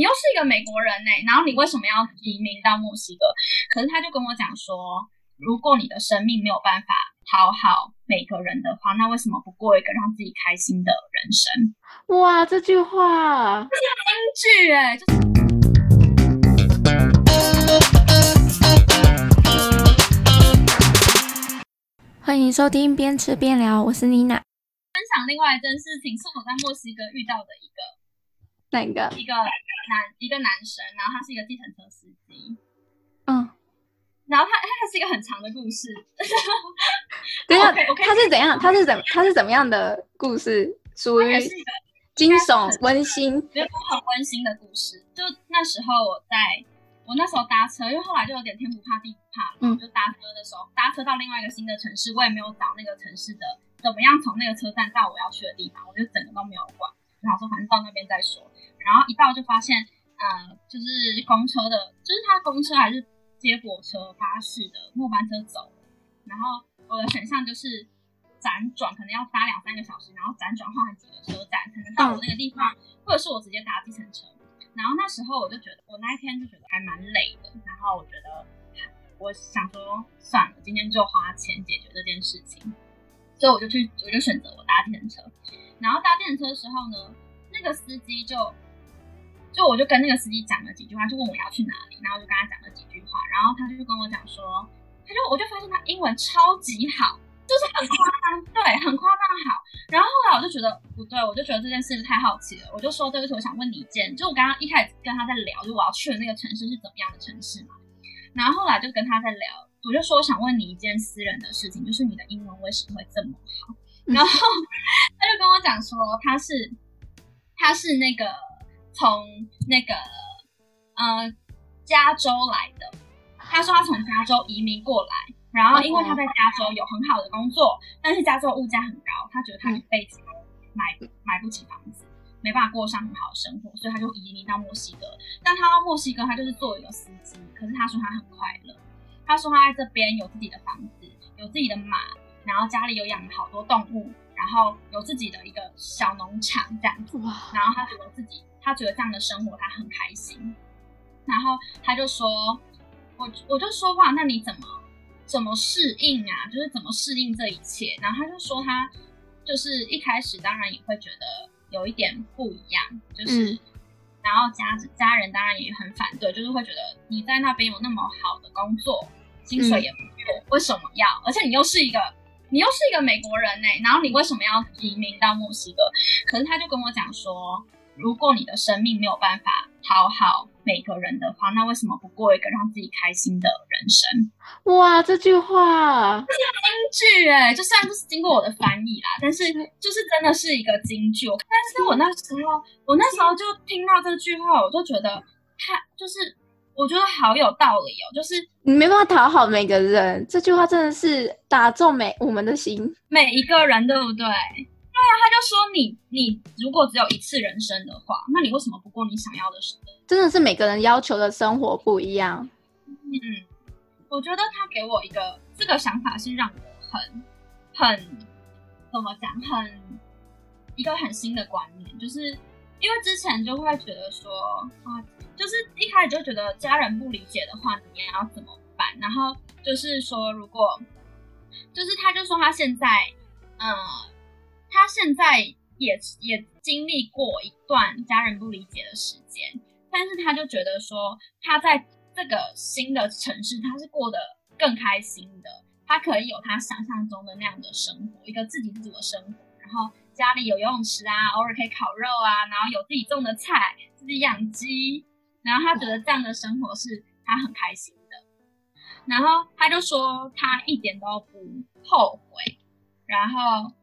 你又是一個美國人呢、欸，然後你為什麼要移民到墨西哥？可是他就跟我講說，如果你的生命沒有辦法討好每個人的話，那為什麼不過一個讓自己開心的人生？哇，這句話這、欸就是金句哎！歡迎收聽邊吃邊聊，我是妮娜。分享另外一件事情，是我在墨西哥遇到的一個。哪、那個一個男一個男生，然後他是一個計程車司機，嗯，然後他他還是一個很長的故事， 等一下 okay, okay, 他是怎樣、嗯、他是怎他是怎麼樣，樣的故事？屬於驚悚溫馨，覺得很溫馨的故事。就那時候我在我那時候搭車，因為後來就有點天不怕地不怕，嗯，就搭車的時候、嗯、搭車到另外一個新的城市，我也沒有找那個城市的怎麼樣從那個車站到我要去的地方，我就整個都沒有管。然後說反正到那邊再說。然後一到就發現，呃，就是公車的，就是他公車還是接駁車、巴士的末班車走了。然後我的選項就是輾轉，可能要搭兩三個小時，然後輾轉換幾個車站才能到我那個地方，嗯、或者是我直接搭計程車。然後那時候我就覺得，我那一天就覺得還蠻累的。然後我覺得，我想說算了，今天就花錢解決這件事情。所以我就去，我就選擇我搭計程車。然後搭計程車的時候呢，那個司機就。就我就跟那個司機講了幾句話，就問我要去哪裡，然後就跟他講了幾句話，然後他就跟我講說，他就我就發現他英文超級好，就是很誇張，對，很誇張好。然後後來我就覺得不對，我就覺得這件事太好奇了，我就說這個時候我想問你一件，就我剛剛一開始跟他在聊，就我要去的那個城市是怎麼樣的城市嘛？然後後來就跟他在聊，我就說我想問你一件私人的事情，就是你的英文為什麼會這麼好？然後他就跟我講說他是他是那個。從那個呃加州來的，他說他從加州移民過來，然後因為他在加州有很好的工作，嗯、但是加州物價很高，他覺得他一輩子買、嗯、買不起房子，沒辦法過上很好的生活，所以他就移民到墨西哥。但他到墨西哥，他就是做一個司機，可是他說他很快樂。他說他在這邊有自己的房子，有自己的馬，然後家裡有養了好多動物，然後有自己的一個小農場這樣子。然後他覺得自己。他覺得這樣的生活他很開心，然後他就說：“我我就說話那你怎麼怎麼適應啊？就是怎麼適應這一切？”然後他就說：“他就是一開始當然也會覺得有一點不一樣，就是、嗯、然後家家人當然也很反對，就是會覺得你在那邊有那麼好的工作，薪水也不用，嗯、為什麼要？而且你又是一個你又是一個美國人呢、欸？然後你為什麼要移民到墨西哥？”可是他就跟我講說。如果你的生命沒有辦法討好每個人的話，那為什麼不過一個讓自己開心的人生？哇，這句話這是金句哎！就雖然不是經過我的翻譯啦，但是就是真的是一個金句。但是我那時候，我那時候就聽到這句話，我就覺得他就是我覺得好有道理哦。就是你沒辦法討好每個人，這句話真的是打中每我們的心，每一個人對不對？對呀、啊，他就說你你如果只有一次人生的話，那你為什麼不過你想要的生活？真的是每個人要求的生活不一樣。嗯，我覺得他給我一個這個想法是讓我很很怎麼講，很一個很新的觀念，就是因為之前就會覺得說啊、呃，就是一開始就覺得家人不理解的話，你也要怎麼辦？然後就是說如果就是他就說他現在嗯。呃他現在也也經歷過一段家人不理解的時間，但是他就覺得說，他在這個新的城市，他是過得更開心的。他可以有他想象中的那樣的生活，一個自給自足的生活。然後家裡有游泳池啊，偶爾可以烤肉啊，然後有自己種的菜，自己養雞。然後他覺得這樣的生活是他很開心的。然後他就說，他一點都不後悔。然後。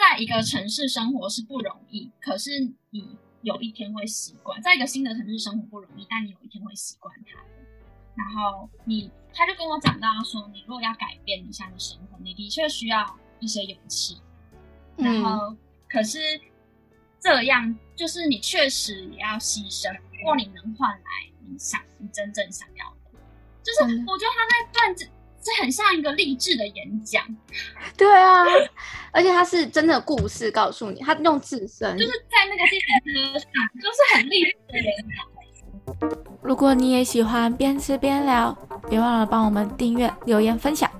在一個城市生活是不容易，可是你有一天會習慣。在一個新的城市生活不容易，但你有一天會習慣它的。然後你，他就跟我講到說，你如果要改變一下你現在的生活，你的確需要一些勇氣，嗯。然後，可是這樣就是你確實也要犧牲，或你能換來你想你真正想要的。就是我覺得他在斷。嗯這很像一個勵志的演講，對啊，而且他是真的故事告訴你，他用自身 就是在那個地方上，就是很勵志的演講。如果你也喜歡邊吃邊聊，別忘了幫我們訂閱、留言、分享。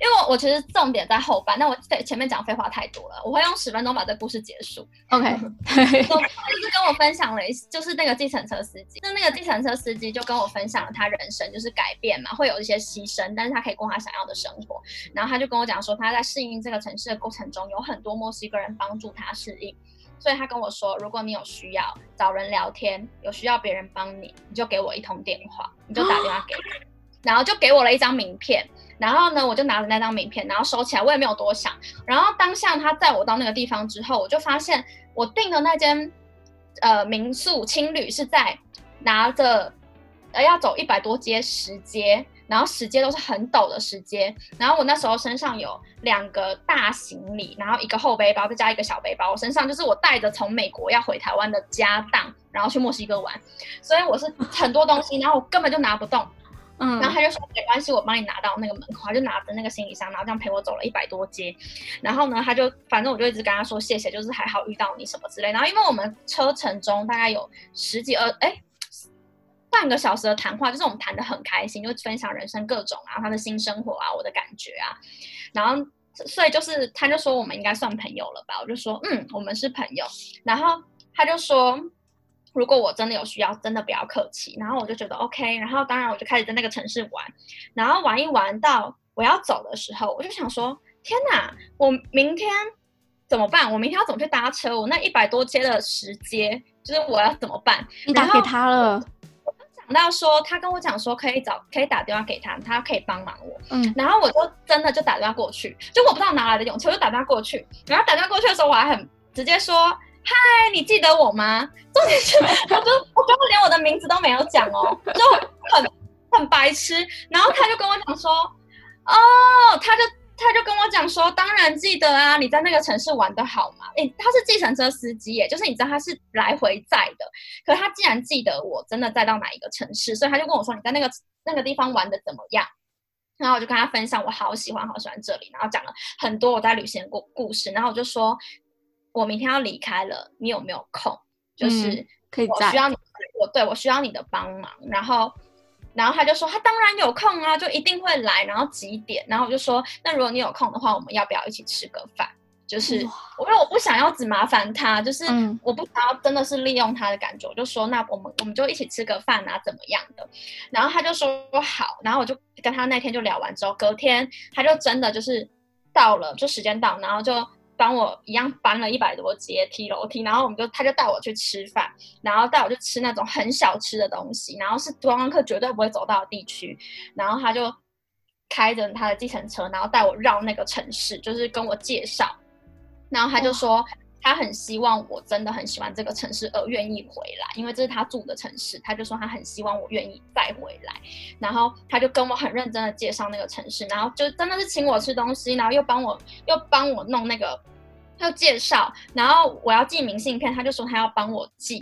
因為我,我其實重點在後半，那我對，前面講廢話太多了。我會用十分鐘把這故事結束。OK， so, 我就是跟我分享了一，就是那個計程車司機。那那個計程車司機就跟我分享了他人生就是改變嘛，會有一些犧牲，但是他可以過他想要的生活。然後他就跟我講說，他在適應這個城市的過程中，有很多墨西哥人幫助他適應。所以他跟我說，如果你有需要找人聊天，有需要別人幫你，你就給我一通電話，你就打電話給我，然後就給我了一張名片。然後呢，我就拿着那張名片，然後收起來，我也沒有多想。然後當下他帶我到那個地方之後，我就發現我訂的那間呃民宿青旅是在拿着呃要走一百多階石階。然後石階都是很陡的石階，然後我那時候身上有兩個大行李，然後一個後背包，再加一個小背包，我身上就是我帶着從美國要回台灣的家當，然後去墨西哥玩，所以我是很多東西， 然後我根本就拿不動，嗯，然後他就說沒關係，我幫你拿到那個門口，他就拿着那個行李箱，然後這樣陪我走了一百多階，然後呢，他就反正我就一直跟他說謝謝，就是還好遇到你什麼之類，然後因為我們車程中大概有十幾二誒半個小時的談話，就是我們談得很開心，就分享人生各種啊，他的新生活啊，我的感覺啊，然後所以就是他就說，我們應該算朋友了吧？我就說嗯，我們是朋友。然後他就說如果我真的有需要，真的不要客氣。然後我就覺得 OK。然後當然我就開始在那個城市玩，然後玩一玩到我要走的時候，我就想說天哪，我明天怎麼辦？我明天要怎麼去搭車？我那一百多階的石階就是我要怎麼辦？你打給他了。那說，他跟我講說可以找，可以打電話給他，他可以幫忙我。嗯，然後我就真的就打電話過去，就我不知道哪來的勇氣，我就打電話過去。然後打電話過去的時候，我還很直接說：“嗨，你記得我嗎？”重點是，我就我居然連我的名字都沒有講哦，就很很白痴。然後他就跟我講說：“哦，oh，他就。”他就跟我講說，當然記得啊，你在那個城市玩的好嗎？誒、欸，他是計程車司機耶，欸，就是你知道他是來回載的，可他竟然記得我真的載到哪一個城市，所以他就跟我說，你在那個那個地方玩的怎麼樣？然後我就跟他分享，我好喜歡好喜歡這裡，然後講了很多我在旅行的故事，然後我就說，我明天要離開了，你有沒有空？嗯、就是可以在我，我需要你，我對我需要你的幫忙，然後。然後他就說，他當然有空啊，就一定會來。然後幾點？然後我就說，那如果你有空的話，我們要不要一起吃個飯？就是因為我，我不想要只麻煩他，就是、嗯、我不想要真的是利用他的感覺。我就說，那我們我們就一起吃個飯啊，怎麼樣的？然後他就說好。然後我就跟他那天就聊完之後，隔天他就真的就是到了，就時間到，然後就。幫我一樣搬了一百多階梯樓梯，然後我們就，他就帶我去吃飯，然後帶我去吃那種很小吃的東西，然後是觀光客絕對不會走到的地區，然後他就開着他的計程車，然後帶我繞那個城市，就是跟我介紹，然後他就說。他很希望我真的很喜歡這個城市而願意回來，因為這是他住的城市。他就說他很希望我願意再回來，然後他就跟我很認真的介紹那個城市，然後就真的是請我吃東西，然後又幫我又幫我弄那個，又介紹，然後我要寄明信片，他就說他要幫我寄，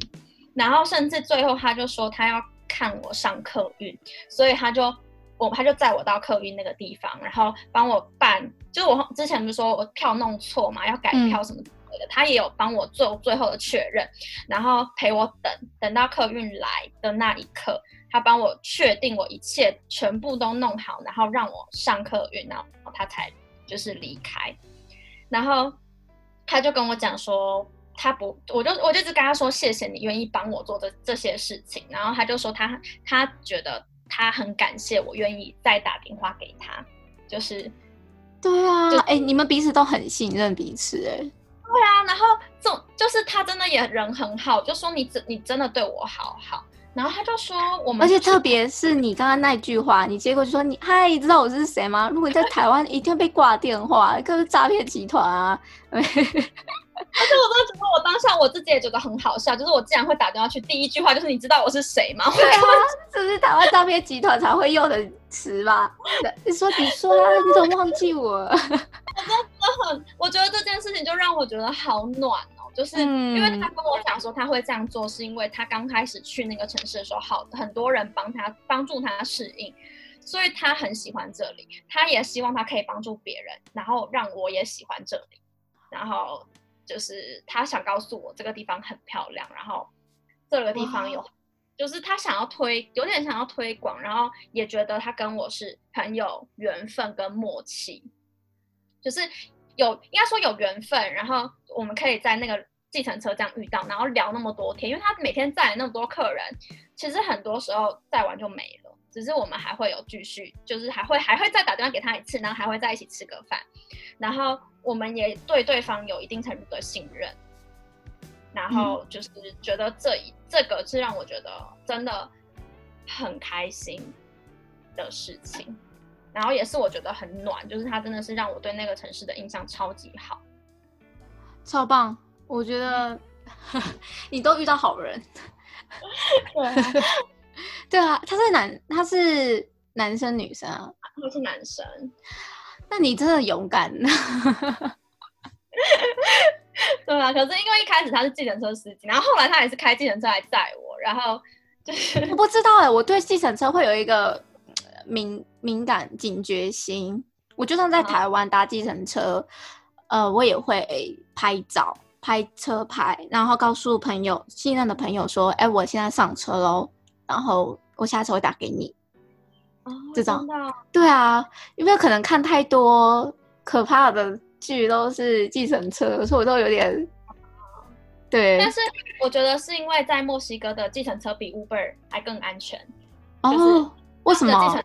然後甚至最後他就說他要看我上客運，所以他就我他就載我到客運那個地方，然後幫我辦，就是我之前不是說我票弄錯嘛，要改票什麼，嗯。他也有幫我做最後的確認，然後陪我等，等到客運來的那一刻，他幫我確定我一切全部都弄好，然後讓我上客運，然後他才就是離開。然後他就跟我講說，他不，我就我就一直跟他說，謝謝你願意幫我做這這些事情。然後他就說他，他他覺得他很感謝我願意再打電話給他，就是對啊，就哎、欸，你們彼此都很信任彼此、欸，哎。對啊，然後這就是他真的也人很好，就說你真你真的對我好好。然後他就說我們，而且特別是你剛剛那一句話，你結果就說你嗨，你知道我是誰嗎？如果你在台灣，一定被掛電話，這 是詐騙集團啊。 而且我都覺得我當下我自己也覺得很好笑，就是我竟然會打電話去，第一句話就是你知道我是誰嗎？對啊，這是台灣詐騙集團才會用的詞吧？ 你說你、啊、說，你怎麼忘記我、啊？ 我覺得這件事情就讓我覺得好暖哦，就是因為他跟我講說他會這樣做，是因為他剛開始去那個城市的時候，好很多人幫他幫助他適應，所以他很喜歡這裡，他也希望他可以幫助別人，然後讓我也喜歡這裡，然後就是他想告訴我這個地方很漂亮，然後這個地方有，Wow. 就是他想要推，有點想要推廣，然後也覺得他跟我是很有緣分跟默契，就是。有，應該說有緣分，然後我們可以在那個計程車這樣遇到，然後聊那麼多天，因為他每天載那麼多客人，其實很多時候載完就沒了，只是我們還會有繼續，就是還會還會再打電話給他一次，然後還會在一起吃個飯，然後我們也對對方有一定程度的信任，然後就是覺得這一這個是讓我覺得真的很開心的事情。然後也是我覺得很暖，就是他真的是讓我對那個城市的印象超級好，超棒！我覺得 你都遇到好人，對 對啊，他是男，他是男生女生啊，啊他是男生。那你真的勇敢， 對啊。可是因為一開始他是計程車司機，然後後來他也是開計程車來載我，然後、就是、 我不知道哎、欸，我對計程車會有一個。敏敏感警覺心，我就算在台灣搭計程車，嗯，呃，我也會拍照拍車牌，然後告訴朋友信任的朋友說，哎、欸，我現在上車嘍，然後我下車會打給你。知、哦、道、哦，對啊，因為可能看太多可怕的劇都是計程車，所以我都有點，對。但是我覺得是因為在墨西哥的計程車比 Uber 還更安全。哦。就是為什麼？是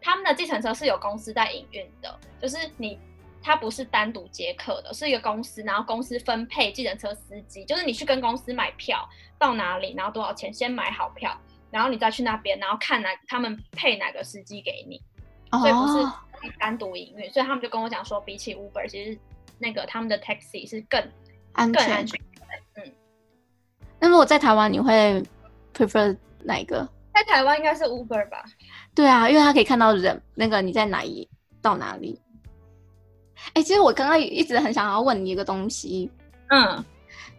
他們的計程，程車是有公司在營運的，就是你，它不是單獨接客的，是一個公司，然後公司分配計程車司機，就是你去跟公司買票到哪裡，然後多少錢，先買好票，然後你再去那邊，然後看哪他們配哪個司機給你，oh. 所以不是單獨營運，所以他們就跟我講說，比起 Uber，其實那個他們的 taxi 是更安全、更安全。嗯，那如果在台灣，你會 prefer 哪一個？在台灣應該是 Uber 吧？對啊，因為他可以看到人，那個你在哪裡到哪裡？哎、欸，其實我剛剛一直很想要問你一個東西，嗯，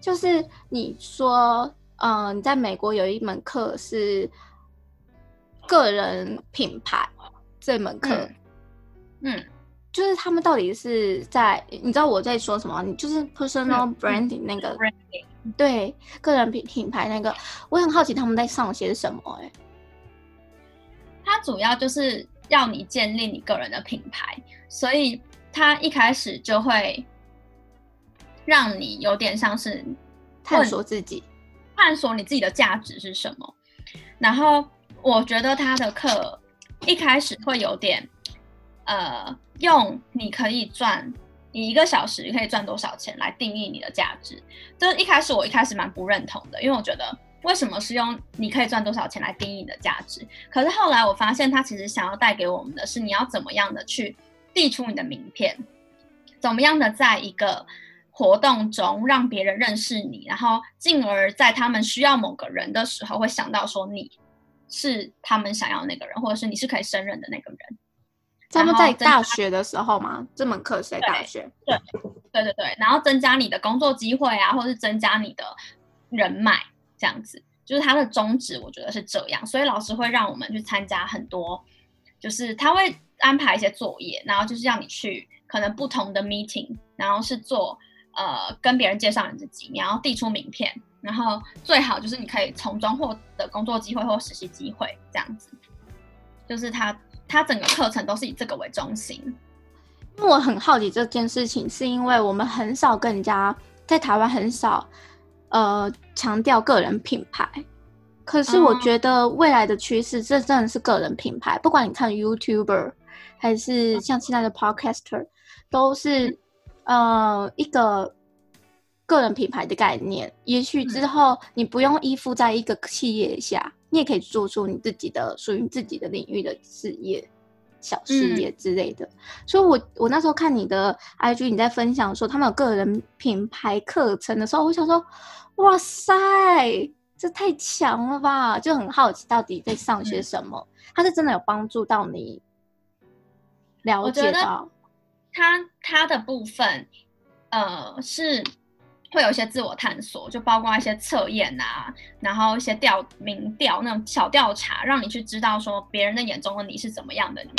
就是你說，嗯、呃，你在美國有一門課是個人品牌這門課、嗯，嗯，就是他們到底是在，你知道我在說什麼？你就是 personal branding 那個，嗯、對，個人品品牌那個，我很好奇他們在上些什麼、欸，哎。它主要就是要你建立你個人的品牌，所以他一開始就會讓你有點像是探，探索自己，探索你自己的價值是什麼。然後我覺得他的課一開始會有點，呃，用你可以賺你一個小時可以賺多少錢來定義你的價值，就是一開始我一開始蠻不認同的，因為我覺得。為什麼是用你可以賺多少錢來定義你的價值？可是後來我發現，他其實想要帶給我們的是，你要怎麼樣的去遞出你的名片，怎麼樣的在一個活動中讓別人認識你，然後進而，在他們需要某個人的時候，會想到說你是他們想要那個人，或者是你是可以勝任的那個人。他們在大學的時候嗎？這門課是在大學？ 對對對對，然後增加你的工作機會啊，或是增加你的人脈。這樣子就是他的宗旨，我覺得是這樣，所以老師會讓我們去參加很多，就是他會安排一些作業，然後就是讓你去可能不同的 meeting，然後是做呃跟別人介紹你自己，然後遞出名片，然後最好就是你可以從中獲得工作機會或實習機會，這樣子，就是他他整個課程都是以這個為中心。因為我很好奇這件事情，是因為我們很少跟人家在台灣很少。呃，強調個人品牌，可是我覺得未來的趨勢，這真的是個人品牌，嗯。不管你看 YouTuber 還是像現在的 Podcaster，都是呃一個個人品牌的概念。也許之後你不用依附在一個企業下，嗯，你也可以做出你自己的屬於自己的領域的事業。小事業之類的，嗯、所以我，我我那時候看你的 IG，你在分享說他們有個人品牌課程的時候，我想說，哇塞，這太強了吧！就很好奇，到底在上些什麼？他、嗯、是真的有幫助到你？了解到，我覺得他。他他的部分，呃，是會有一些自我探索，就包括一些測驗啊，然後一些調，民調那種小調查，讓你去知道說別人的眼中的你是怎麼樣的你。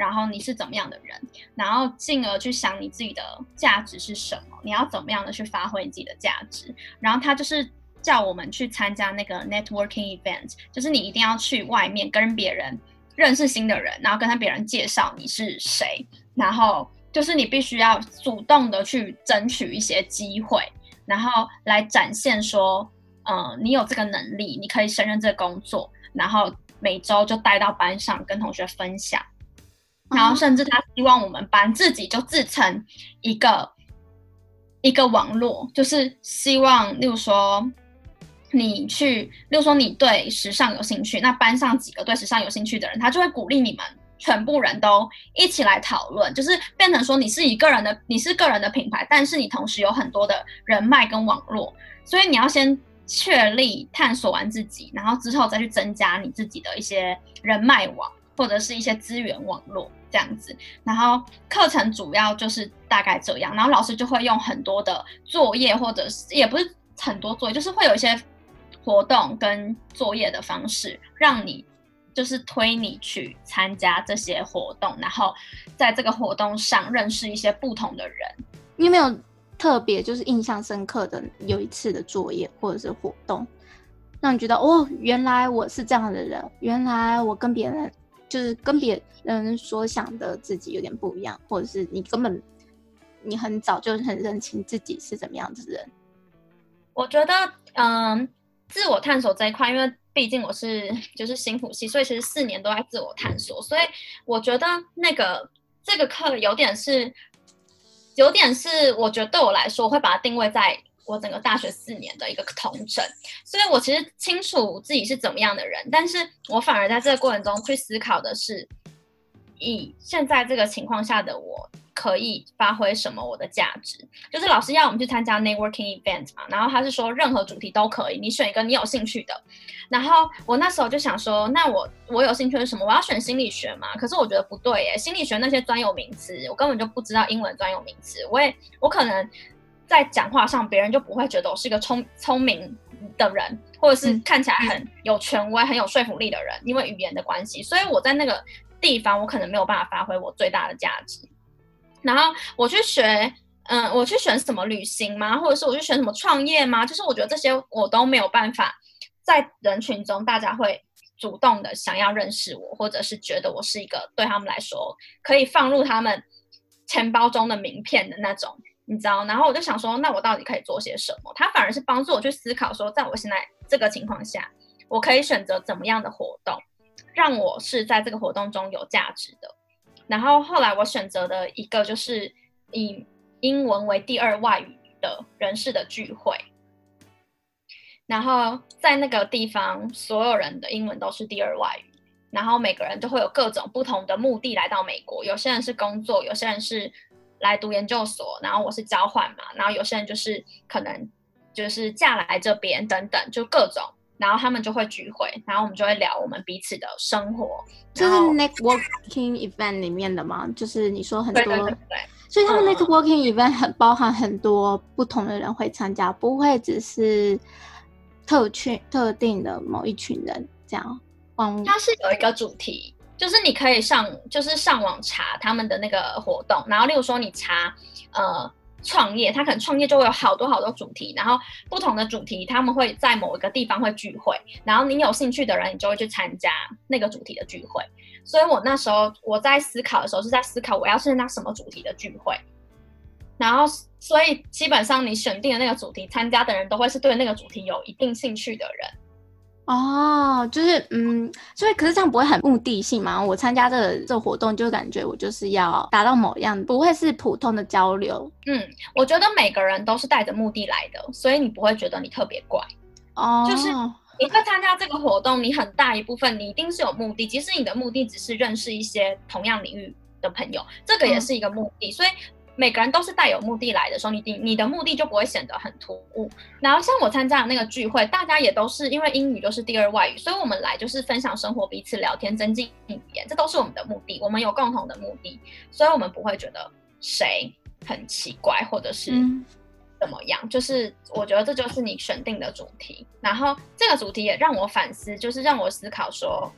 然後你是怎麼樣的人？然後進而去想你自己的價值是什麼？你要怎麼樣的去發揮你自己的價值？然後他就是叫我們去參加那個 networking event，就是你一定要去外面跟別人認識新的人，然後跟他別人介紹你是誰，然後就是你必須要主動的去爭取一些機會，然後來展現說，嗯、呃，你有這個能力，你可以勝任這個工作。然後每周就帶到班上跟同學分享。然後，甚至他希望我們班自己就自成一個一個網絡，就是希望，例如說你去，例如說你對時尚有興趣，那班上幾個對時尚有興趣的人，他就會鼓勵你們全部人都一起來討論，就是變成說你是一個人的，你是個人的品牌，但是你同時有很多的人脈跟網絡，所以你要先確立、探索完自己，然後之後再去增加你自己的一些人脈網。或者是一些資源網絡這樣子，然後課程主要就是大概這樣，然後老師就會用很多的作業，或者是也不是很多作業，就是會有一些活動跟作業的方式，讓你就是推你去參加這些活動，然後在這個活動上認識一些不同的人。你有沒有特別就是印象深刻的有一次的作業或者是活動，讓你覺得哦，原來我是這樣的人，原來我跟別人。就是跟別人所想的自己有點不一樣，或者是你根本你很早就很認清自己是怎麼樣子的人。我覺得，嗯，自我探索這一塊，因為畢竟我是就是心輔系，所以其實四年都在自我探索。所以我覺得那個這個課有點是，有點是，我覺得對我來說我會把它定位在。我整個大學四年的一個同城，所以我其實清楚自己是怎麼樣的人，但是我反而在這個過程中去思考的是，以現在這個情況下的我可以發揮什麼我的價值。就是老師要我們去參加 Networking event 嘛，然後他是說任何主題都可以，你選一個你有興趣的。然後我那時候就想說，那我我有興趣的是什麼？我要選心理學嘛？可是我覺得不對耶，心理學那些專有名詞我根本就不知道，英文專有名詞我也我可能。在講話上，別人就不會覺得我是一個聰聰明的人，或者是看起來很有權威、很有說服力的人，因為語言的關係。所以我在那個地方，我可能沒有辦法發揮我最大的價值。然後我去學，嗯，我去選什麼旅行嗎？或者是我去選什麼創業嗎？就是我覺得這些我都沒有辦法，在人群中大家會主動的想要認識我，或者是覺得我是一個對他們來說可以放入他們錢包中的名片的那種。你知道，然後我就想說，那我到底可以做些什麼？他反而是幫助我去思考說，說在我現在這個情況下，我可以選擇怎麼樣的活動，讓我是在這個活動中有價值的。然後後來我選擇的一個就是以英文為第二外語的人士的聚會。然後在那個地方，所有人的英文都是第二外語。然後每個人都會有各種不同的目的來到美國，有些人是工作，有些人是。來讀研究所，然後我是交換嘛，然後有些人就是可能就是嫁來這邊等等，就各種，然後他們就會聚會，然後我們就會聊我們彼此的生活，就是 networking event 裡面的嗎？ 就是你說很多，對，對對對，所以他們 networking event 很包含很多不同的人會參加，不會只是特區特定的某一群人這樣，萬物它是有一個主題。就是你可以上，就是上網查他們的那個活動，然後例如說你查，呃，創業，他可能創業就會有好多好多主題，然後不同的主題他們會在某一個地方會聚會，然後你有興趣的人，你就會去參加那個主題的聚會。所以我那時候我在思考的時候是在思考我要參加什麼主題的聚會，然後所以基本上你選定的那個主題，參加的人都會是對那個主題有一定興趣的人。哦，就是嗯，所以可是這樣不會很目的性嘛？我參加這個這個活動，就感覺我就是要達到某樣，不會是普通的交流。嗯，我覺得每個人都是帶着目的來的，所以你不會覺得你特別怪。哦，就是你會參加這個活動，你很大一部分你一定是有目的，即使你的目的只是認識一些同樣領域的朋友，這個也是一個目的，嗯、所以。每個人都是帶有目的來的時候，所以你你的目的就不會顯得很突兀。然後像我參加的那個聚會，大家也都是因為英語都是第二外語，所以我們來就是分享生活，彼此聊天，增進語言，這都是我們的目的。我們有共同的目的，所以我們不會覺得誰很奇怪或者是怎麼樣，嗯。就是我覺得這就是你選定的主題，然後這個主題也讓我反思，就是讓我思考說，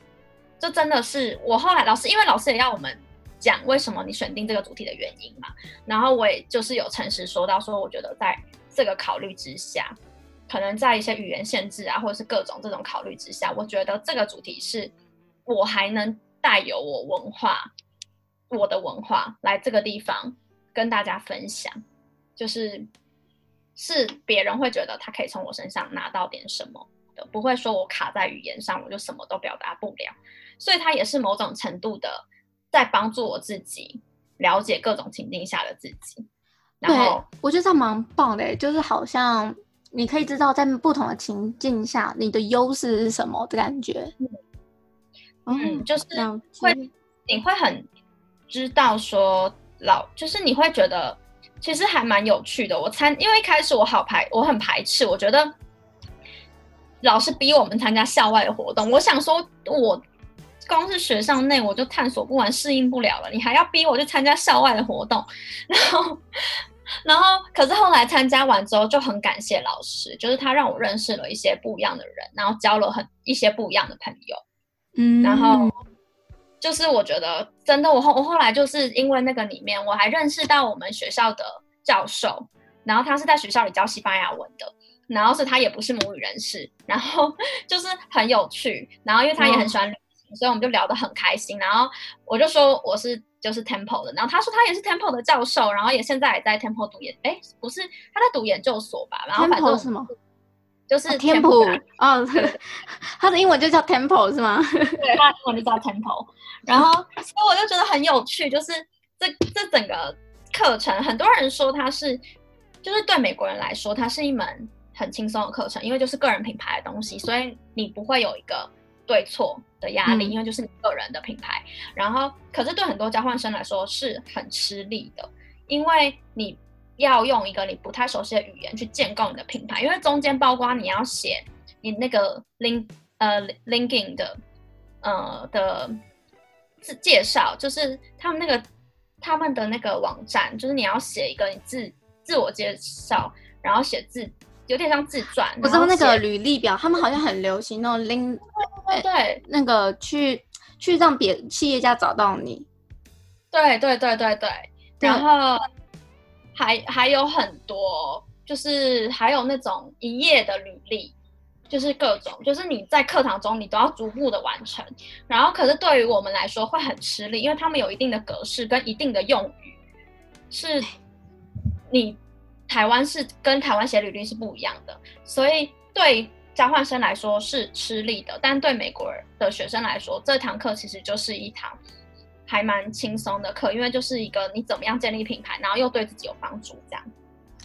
這真的是我後來老師，因為老師也要我們。講為什麼你選定這個主題的原因嘛，然後我也就是有誠實說到說，我覺得在這個考慮之下，可能在一些語言限制啊，或者是各種這種考慮之下，我覺得這個主題是，我還能帶有我文化，我的文化來這個地方跟大家分享，就是是別人會覺得他可以從我身上拿到點什麼的，不會說我卡在語言上，我就什麼都表達不了，所以他也是某種程度的。在幫助我自己了解各種情境下的自己，對然後我覺得這樣蠻棒的，就是好像你可以知道在不同的情境下你的優勢是什麼的感覺。嗯，嗯嗯就是會你會很知道說老，就是你會覺得其實還蠻有趣的。我參因為一開始我好排，我很排斥，我覺得老師逼我們參加校外的活動，我想說我。光是學校內我就探索不完，適應不了了，你還要逼我去參加校外的活動，然後，然後，可是後來參加完之後就很感謝老師，就是他讓我認識了一些不一樣的人，然後交了很一些不一樣的朋友，嗯，然後就是我覺得真的，我後我後來就是因為那個裡面，我還認識到我們學校的教授，然後他是在學校裡教西班牙文的，然後是他也不是母語人士，然後就是很有趣，然後因為他也很喜歡，嗯。所以我們就聊得很開心，然後我就說我是就是 Temple 的，然後他說他也是 Temple 的教授，然後也現在也在 Temple 讀研，哎，不是他在讀研究所吧？然後 Temple 什麼？就是 Temple 哦，哦， 哦，他的英文就叫 Temple 是嗎？對，他的英文就叫 Temple。 然後所以我就覺得很有趣，就是這這整個課程，很多人說它是，就是對美國人來說，它是一門很輕鬆的課程，因為就是個人品牌的東西，所以你不會有一個。對錯的壓力，因為就是你個人的品牌，嗯、然後可是對很多交換生來說是很吃力的，因為你要用一個你不太熟悉的語言去建構你的品牌，因為中間包括你要寫你那個 link 呃 linking 的呃的介紹，就是他們那個他們的那個網站，就是你要寫一個你自自我介紹，然後寫字有點像自傳，我知道那個履歷表，他們好像很流行那種 link。對、欸，那個去去讓別企業家找到你。對對對對對，然後還還有很多，就是還有那種一頁的履歷，就是各種，就是你在課堂中你都要逐步的完成。然後可是對於我們來說會很吃力，因為他們有一定的格式跟一定的用語，是你台灣是跟台灣寫履歷是不一樣的，所以對，交換生來說是吃力的，但對美國人的學生來說，這堂課其實就是一堂還蠻輕鬆的課，因為就是一個你怎麼樣建立品牌，然後又對自己有幫助，這樣。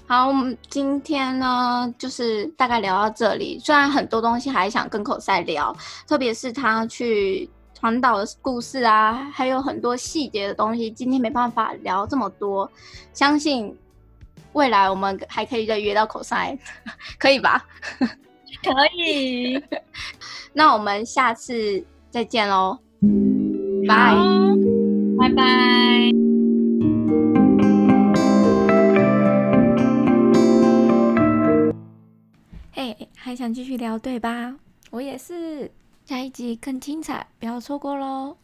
好，我們今天呢，就是大概聊到這裡。雖然很多東西還想跟 Cosine 聊，特別是他去傳導的故事啊，還有很多細節的東西，今天沒辦法聊這麼多。相信未來我們還可以再約到 Cosine，可以吧？ 可以， 那我們下次再見嘍，拜拜拜拜。Hey，還想繼續聊對吧？我也是，下一集更精彩，不要錯過嘍。